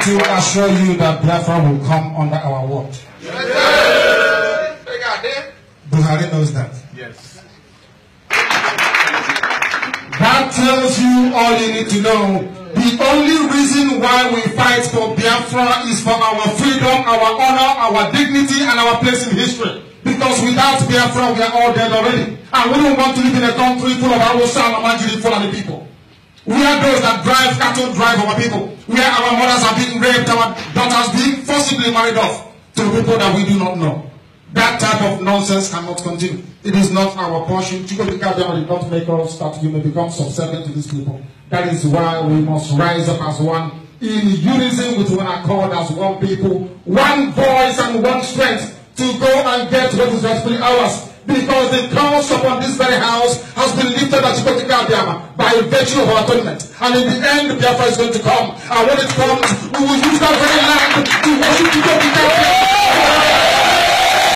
trying to assure you that Biafra will come under our watch. Buhari knows that. Yes. That tells you all you need to know. The only reason why we fight for Biafra is for our freedom, our honor, our dignity, and our place in history. Because without Biafra, we are all dead already. And we don't want to live in a country full of Hausa and Manjuri full of the people. We are those that drive cattle drive our people. We are our mothers are being raped, our daughters being forcibly married off to people that we do not know. That type of nonsense cannot continue. It is not our portion. Chukwu did not make us that we may become subservient to these people. That is why we must rise up as one, in unison with one accord, as one people, one voice and one strength to go and get what is rightfully ours. Because the curse upon this very house has been lifted at Biafra by virtue of our commitment. And in the end, Biafra is going to come. And when it comes, we will use that